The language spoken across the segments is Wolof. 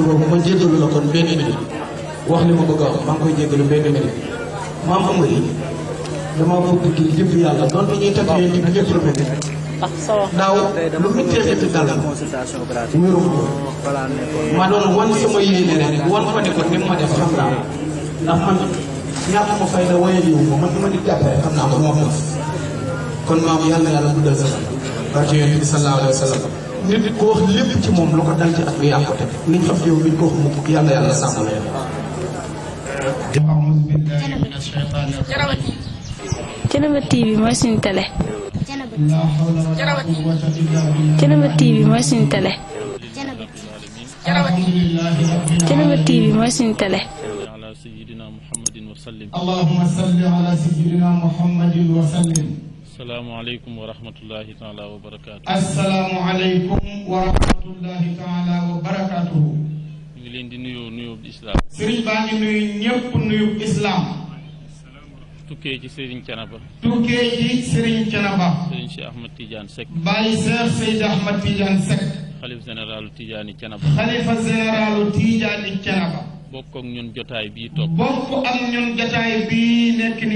bi boobu ma wax li ma bëgg a wax maa daaw lu mu teexati dal wéru ko ma doon wan sama yéene rek wan ko ne ko ni ma def xam naa ndax man ñàkk ma fay la waye liwu ma man ma di jàppee xam naa ko moom kon maam yàlla yàlla guddal sa barke bi sallallahu alayhi wa sallam nit ko wax lépp ci moom lu ko dal ci at mi yaa ko teg liñ xam yow liñ ko wax mukk yàlla yàlla sàmm leen. Thiénaba TV mooy suñu télé. Thiénaba TV mooy suñu télé. Thiénaba TV mooy suñu télé. Allahumma salli ala sayyidina Muhammadin wa sallim. asalaamualeykum wa rahmatullahi taala wa barakaatu. asalaamualeykum wa taala wa barakaatu. ngi leen di nuyoo nuyoob islaam. sëriñ baa ngi nuyu ñëpp nuyub islaam. tukkee ci sëriñ Canaba. tukkee ci sëriñ Canaba. sëriñ Cheikh Ahmad Tidiane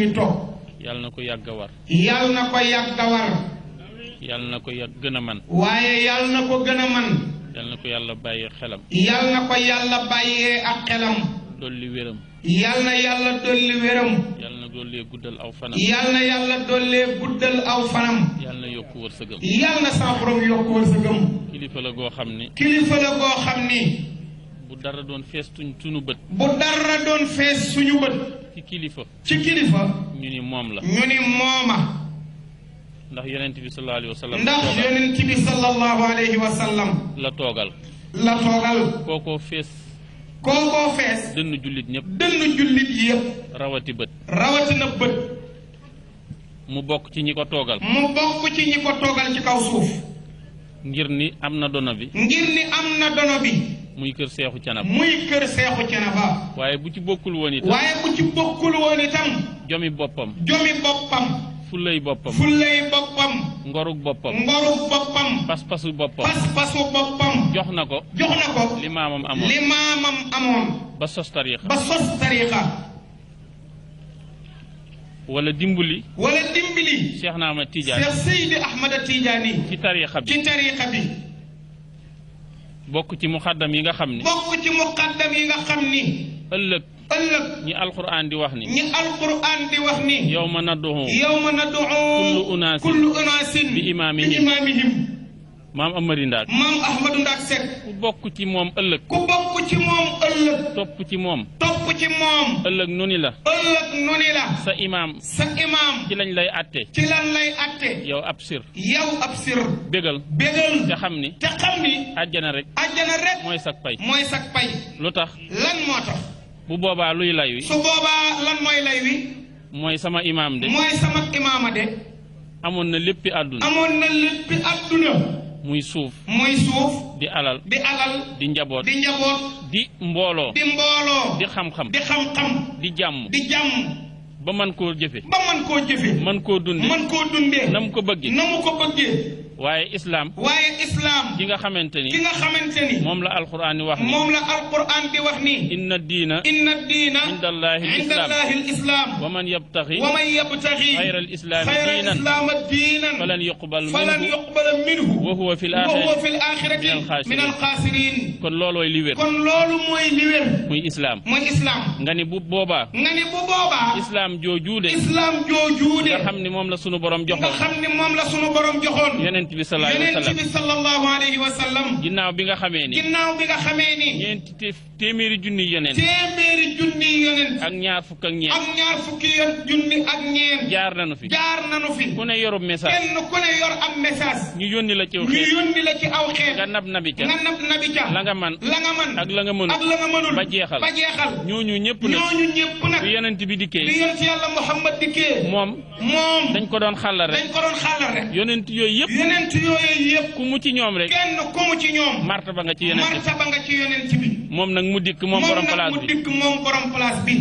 Seck. yàlla na ko yàgg a war. yàlla na ko yàgg a war. yàlla na ko yàgg gën a man waaye yàlla na ko gën a man yàlla na ko yàlla bàyyee xelam. yàlla na ko yàlla bàyyee ak xelam. dolli wéram. yàlla na yàlla dolli wéram. yàlla na dollee guddal aw fanam. yàlla na yàlla dollee guddal aw fanam. yàlla na yokku wërsëgam. yàlla na sa borom yokku wërsëgam. kilifa la goo xam ni. kilifa la goo xam ni. bu dara doon fees tuñ suñu bët. bu dara doon fees suñu bët. ci kilifa. ci kilifa. ñu ni moom la. ñu ni mooma. ndax yonent bi sallallahu alayhi ndax yonent bi sallallahu alayhi wa la toogal. la toogal. kookoo fees. kookoo fees. dënn jullit ñëpp. dënn jullit yëpp. rawati bët. rawatina bët. mu bokk ci ñi ko toogal. ci kaw suuf. ngir ni am na dono bi. ngir ni am na dono bi. muy kër seexu canaba. muy kër seexu canaba. waaye bu ci bokkul woon itam. waaye jomi boppam. jomi boppam. fullay boppam. fullay boppam. ngoruk boppam. ngoruk boppam. paspasu boppam. boppam. jox na ko. jox na ko. li amoon ba sos tariixa. ba sos tariixa. wala dimbali. wala dimbali. Cheikh na Ahmad Tidiane. Cheikh Seydi Ahmad Tidiane. ci tariixa bi ci tariixa bi. bokk ci muqaddam yi nga xam ni. bokk ci muqaddam yi nga xam ni. ëllëg. ëllëg ñi alquran di wax ni ñi alquran di wax ni yow ma nadduhu yow ma nadduhu unaasin bi imaamihim bi imaamihim maam Amari maam Ahmadu Ndaak Seck ku bokk ci moom ëllëg ku bokk ci moom ëllëg topp ci moom topp ci moom ëllëg nu ni la ëllëg nu ni la sa imaam sa imaam ci lañ lay atte ci lañ lay atte yow ab sir yow bégal bégal te xam ni te xam ni àjjana rek àjjana rek mooy sak pay mooy sak pay lu tax lan moo tax bu boobaa luy lay wi. su boobaa lan mooy lay wi. mooy sama imaam de. mooy sama imaama de. amoon na lépp àdduna. muy suuf. muy suuf. di alal. di alal. di njaboot. di mbooloo. di mbooloo. di xam-xam. di xam-xam. di jàmm. di jàmm. ba man koo jëfe ba man koo jëfe man koo dunde na mu ko bëggee na mu ko bëggee waaye islam. waaye islam. ki nga xamante ni. ki nga xamante ni. moom la alquran di wax ni. moom la alquran di wax ni. inna diina. inna diina. inda allahi al islam inda allahi al islam. wa man yabtaxi. wa man yabtaxi. xayra al islam diinan. falan yuqbal minhu. falan yuqbal minhu. wa huwa fi l axirati. min al xaasiriin. kon loolooy li wér. kon loolu mooy li wér. muy islam. muy islam. nga ni bu boobaa. nga ni bu boobaa. islam joojuude. islam joojuude. nga xam ni moom la sunu borom joxoon. nga xam ni moom la sunu borom joxoon. yonent bi sallallahu alayhi wa sallam ginnaaw bi nga xamee ni ginnaaw bi nga xamee ni ñeenti téeméeri junni yonent téeméeri junni yonent ak ñaar fukk ak ñeent ak ñaar fukki junni ak ñeent jaar nañu fi jaar nañu fi ku ne yorub message kenn ku ne yor am message ñu yónni la ci aw xeet ñu yónni la ci aw nga nab nabi ca nga nab nabi ca la nga ak la ba jeexal ba jeexal ñooñu ñëpp nag ñooñu ñëpp nag bi yonent bi dikkee bi yàlla Muhammad dikkee moom dañ ko doon xàllal rek dañ ko yooyu yëpp mu ci ñoom rek. kenn ku nga ci yonent bi moom nag mu dikk moom borom place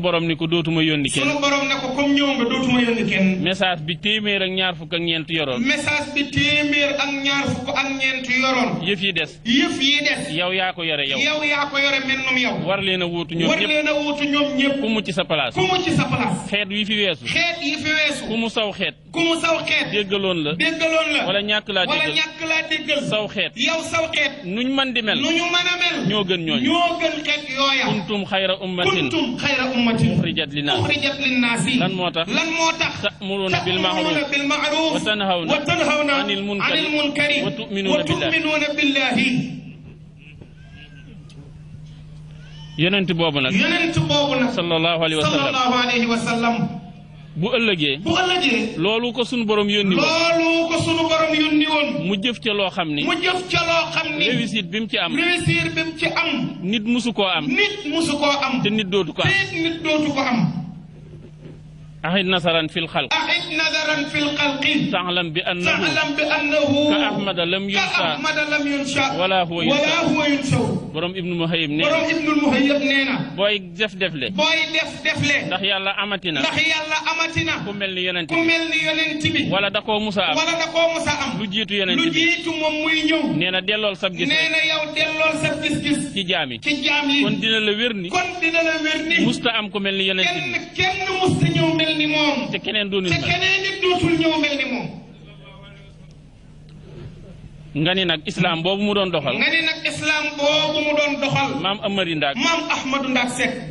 borom ni ko dootuma yónni kenn. sunu message bi téeméer ak ñaar fukk ak ñeent yoroon. message bi téeméer ak ñaar fukk ak ñeent yoroon. yëf yi des. yëf yi des. yow yaa ko yore yow. yow yaa ko yore mennum yow. war leen a war leen a wuutu ñoom ñëpp. ku mu ci sa place. ku mu ci sa place. xeet yi fi weesu. ku mu saw xeet. ku mu saw xeet. déggaloon la déggaloon la. wala ñàkk laa déggal wala ñàkk laa déggal. saw xeet yow saw xeet. nuñ mën di mel nuñu mën a mel. ñoo gën ñooñu ñoo gën xeet yooya. kuntum xayra ummatin kuntum xayra ummatin. uxrijat linnaas uxrijat linnaas lan moo tax lan moo tax. ta'muruuna bil ma'ruuf wa tanhawna anil munkari wa tu'minuuna billahi yonent boobu nag yonent boobu nag sallallahu alayhi wa sallam bu ëllëgee. bu ëllëgee. loolu ko sunu borom yónni woon. loolu ko sunu borom yónni woon. mu jëf ca loo xam ni. mu jëf ca loo xam ni. réussite bi mu ci am. réussite bi ci am. nit musu koo am. nit musu ko am. te nit dootu ko am. أعد نظرا في الخلق أعد نظرا في الخلق تعلم بأنه تعلم بأنه كأحمد لم ينسى كأحمد لم ينسى ولا هو ينسى ولا هو ينسى borom ibnu muhayyib nee na borom ibnu muhayyib nee na booy def defle booy def defle ndax yàlla amati na ndax yàlla amati na ku mel ni yonent ku mel ni yonent bi wala da koo musa am wala da koo musa am lu jiitu yonent bi lu jiitu moom muy ñëw nee na dellool sab gis nee na yow dellool sab gis-gis ci jaam yi ci jaam yi kon dina la wér ni kon dina la wér ni musta am ku mel ni yonent bi kenn kenn musta ñëw mel ni moom. te keneen dootul ñëw te keneen it dootul ñëw mel ni moom. nga ni nag islam boobu mu doon doxal. nga ni nag islam boobu mu doon doxal. maam Amari Ndaak. maam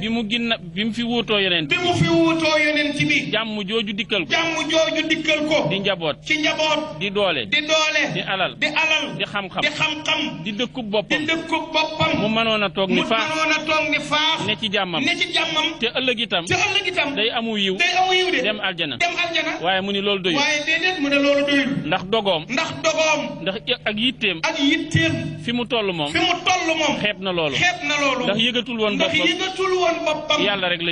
bi mu ginna bi fi wuutoo yeneen. bi mu fi wuutoo yeneen ci bi. jàmm jooju dikkal ko. jàmm jooju dikkal ko. di njaboot. ci njaboot. di doole. di doole. di alal. di alal. di xam-xam. di xam-xam. di dëkkub boppam. di dëkkub mu mënoon a toog ni faax. a toog ni faax. ne ci jàmmam. ne te ëllëg te ëllëg day amu yiw. day amu yiw de. dem aljana. waaye mu ni loolu doyul. ndax dogoom. ndax dogoom. ndax fi mu toll moom na loolu xeeb yëgatul woon yàlla rek la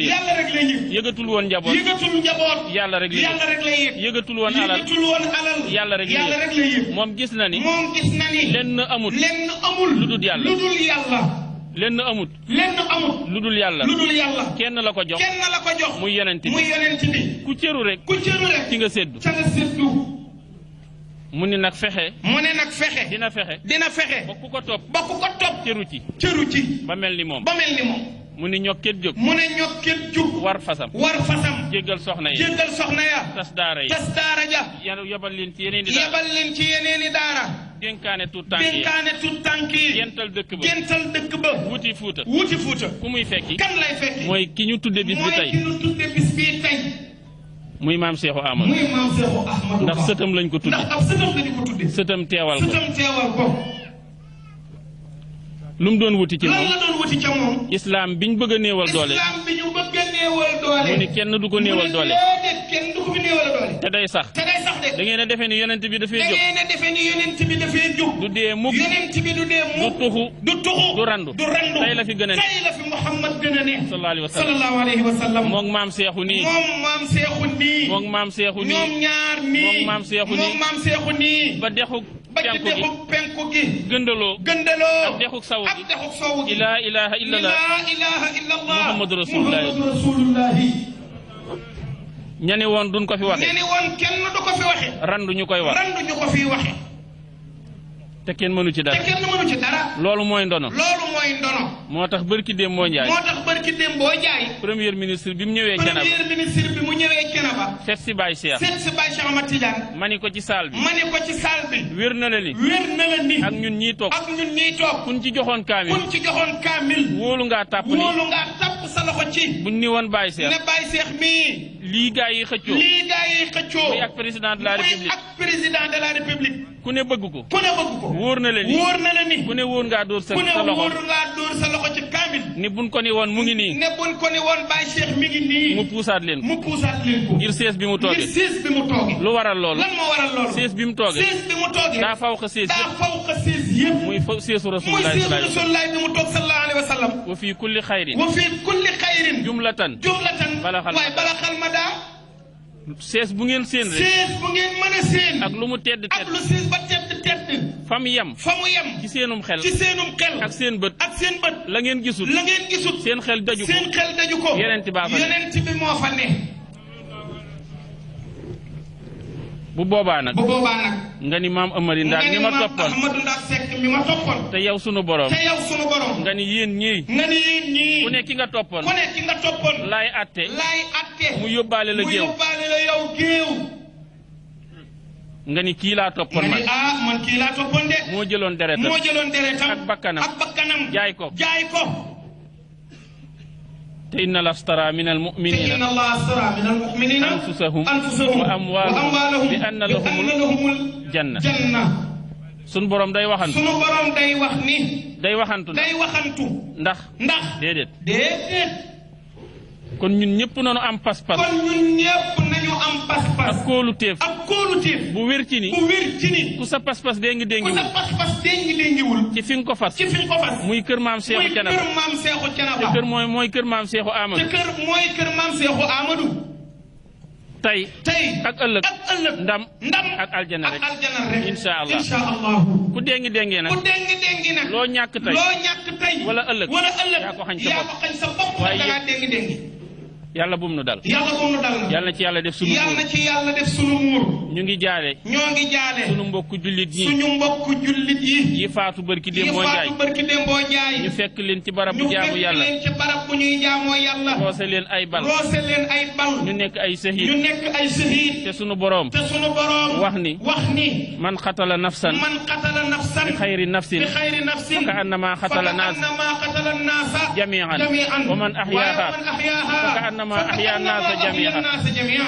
woon njaboot yëgatul njaboot yàlla yàlla rek alal yàlla rek la yëg moom gis na ni moom gis na lenn lu dul yàlla amut lenn amut lu dul yàlla lu dul yàlla kenn la ko jox kenn la ko ku cëru rek ku ci nga séddu mu ni nag fexe. mu ne nag fexe. dina fexe. dina fexe. ba ku ko topp. ba ku ko topp. cëru ci. cëru ci. ba mel ni moom. ba mel ni moom. mu ni ñokket jóg. mu ne ñokket jóg. war fasam. war fasam. jéggal soxna ya. jéggal soxna ya. tas daara ya. tas daara ja. yàlla yabal leen ci yeneen i daara. yabal leen ci yeneen i daara. dénkaane tuut tànk yi dénkaane tuut tànk yi. gental dëkk ba gental dëkk ba. wuti fuuta. wuti fuuta. ku muy fekki. kan lay fekki. mooy ki ñu tudde bis bi tey mooy ki ñu tudde bis bi tey. muy maam Seexu Ahmad ndax sëtam lañ ko tudde ndax teewal lu mu doon wuti ci moom lan la doon wuti ca moom islaam bi ñu bëgg a néewal doole islaam bi ñu bëgg a néewal doole du néewal doole kenn te day sax te a defee ni yonent bi dafay jóg nee na yonent bi dafay jub. du dee mukk du tuxu du randu du randu tey fi gën a ne. tey la fi Muhammad gën a maam seexu nii. moom maam seexu nii. moom maam seexu nii. ñaar nii. moom maam seexu nii. moom maam seexu nii. ba dexu. ba ci dexu penku gi gëndaloo gëndaloo ak dexu saw gi ak dexu saw rasulullahi. ñani woon duñ ko fi waxe kenn du ko randu ñu koy wax randu ñu ko fi waxe te kenn mënu ci dara loolu mooy ndono. loolu mooy ndono. moo tax barki Demba Ndiaye. moo tax premier ministre bi mu ñëwee. Thiénaba premier ministre bi mu ñëwee Thiénaba. seet si Baye Cheikh. seet mani ko ci saal bi. mani ci saal bi. wér na la wér na ak ñun ñii toog. ak ñun ñii kun ci joxoon kaamil. kun ci joxoon kaamil. wóolu ngaa tàpp ni. wóolu sa loxo ci. buñ ni woon Baye mii. lii gaa yi xëccoo. gaa yi la république ku ne bëgg ko. na la ni ku ne wóor ngaa door sa loxo ku kaamil. ni ko ni woon mu ngi nii. ne ko ni woon Baye Cheikh mi ngi nii. mu puusaat leen ko mu ngir sees bi mu toogee ngir sees bi mu lu waral loolu lan moo waral loolu. sees bi mu toogee sees bi sees yëpp muy seesu rasulilah bi mu toog sallallahu alayhi wa sallam. wa fii kulli xayrin. wa fii kulli xayrin. jumlatan jumlatan. balaxal ma sees bu ngeen seen rek. sees bu ngeen mën a seen. ak lu mu tedd tedd. ak lu sees ba ci seenum xel. ci seenum xel. ak seen bët. ak seen bët. la ngeen gisul. la ngeen gisul. seen xel daju ko. seen xel daju ko. baa fa ne bu boobaa nag. nga ni maam Amari Ndaak mi ma toppoon nga ni maam Amadu ma toppoon. te yow sunu borom. te yow nga ni yéen ñii. nga ni yéen ñii. ku ki nga toppoon. ku atte. laay atte. mu yóbbaale la géew. ne la yow géew. nga ni kii laa toppoon man ah man kii laa toppoon de. moo jëloon deretam moo jëloon deretam ak bakkanam ak bakkanam jaay ko jaay ko. te inna allah astara min almuminina anfusahum wa amwaalahum bi anna lahumul janna sunu borom day waxantu sunu borom day wax ni. day waxantu ndax. ndax déedéet déedéet. kon ñun ñëpp nañu am pas-pas. kon ñun ñëpp nañu am pas-pas. ak kóoluteef. ak bu wér ci ni. bu wér ci ni. ku sa pas-pas déngi déngiwul. ku ci fi ko fas. muy kër maam Seexu Canaba. muy kër maam Seexu Canaba. te kër mooy mooy kër maam Seexu Amadou. te kër ak ëllëg. ak ëllëg ndam. ndam ak aljana rek. ak allah ku déngi déngee nag. loo ñàkk tey. loo ëllëg. yaa ko xañ sa bopp waaye yàlla bum nu dal. yàlla ci yàlla def sunu muur ñu ngi jaale. ñoo ngi jaale. sunu mbokku jullit yi suñu faatu barki Dembo Ndiaye yi ñu fekk leen ci barab bu yàlla ñu ñuy jaamoo yàlla. roose leen ay bal ñu nekk ay sahid ñu nekk ay sahid. te sunu boroom te sunu borom. wax ni wax ni. man xatala nafsan man xatala nafsan. bi xayri nafsin bi xayri nafsin. ka annama xatala naas ka annama xatala naasa. jamian wa man axyaaha innama ahya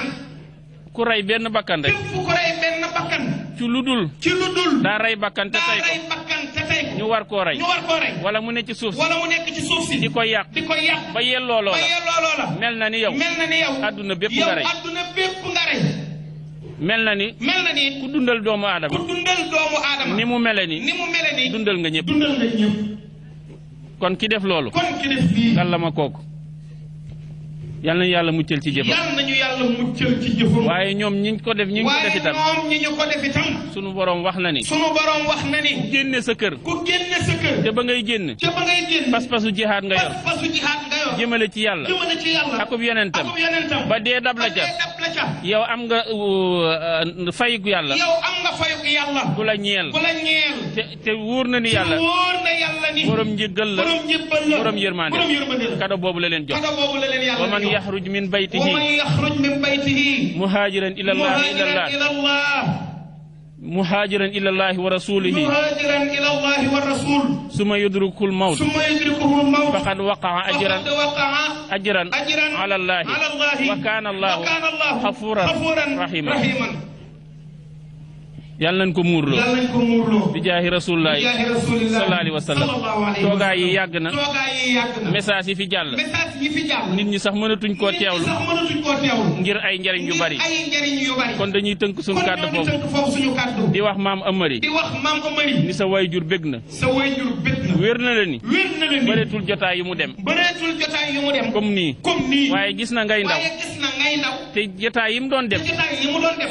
ku rey benn bakkan rek ku rey benn daa rey bakkan te tey ko ñu war koo mu nekk ci suuf si wala di koy yàq di mel na ni yow adduna bépp nga rey mel na ni ku dundal doomu aadama ku dundal doomu aadama ni mu mele ni ni dundal nga ñëpp dundal kon ki def loolu kon ki def yal na yàlla muccal ci yàlla muccal ci jëfam waaye ñoom ñi ko def ñi ñu ko def itam sunu borom wax na ni sunu borom wax na ni ku génne sa ku génne sa kër te ba ngay génn te ba ngay génn pas-pasu jihaad ci yàlla jëmale ci ba dee dab la ca yow am nga uh, uh, fayuk yàlla yow am nga fayuk yàlla bu la ñeel te wóor na ni yàlla borom njëggal la borom yërmande kado boobu la leen jox wa man yaxruj min baytihi muhaajiran ila allah muhaajiran ila llahi wa rasulihi suma yudrikul mawt faqad waqaa ajran ajran ala llahi wa kaana allahu xafuran rahiman yàlla nañ ko muurloo yàlla yi yàgg na toogaay yi message yi fi jàll nit ñi sax mënatuñ koo teewlu ngir ay njariñ yu bari kon dañuy tënk suñu kàddu foofu suñu kàddu di wax maam Amari di wax ni sa way bég na sa way bég na wér na la wér na la ni jotaay yu mu dem bëreetul nii waaye gis na ngay ndaw ay te jotaay yi mu doon def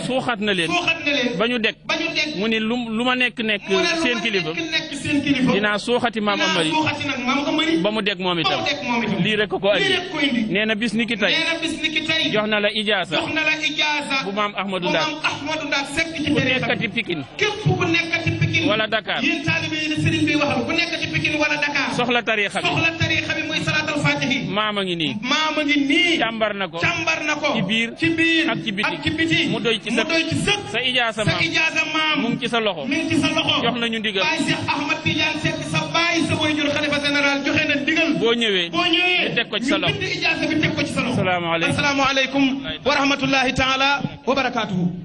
suuxat na leen ba ñu deg mu ni lu lu ma nekk nekk seen kilifa dinaa suuxati maam Amari ba mu deg moom itam lii rekk ko andi nee na bis ni ki tey jox na la ijaasa bu maam Ahmadou Ndak ku nekkati Pikine Pikine wala Dakar yéen taalibe yi bi waxal ku nekk ci Pikine wala Dakar soxla tariixa bi muy salaatal faatihi maama ngi nii maama na ko càmbar na ko ci biir ci biir ak ci ak ci mu doy ci sëkk sa ijaasa maam sa ijaasa loxo jox nañu ndigal boo ñëwee boo ñëwee ñu teg ko bi teg sa loxo asalaamaaleykum wa rahmatullahi taala wa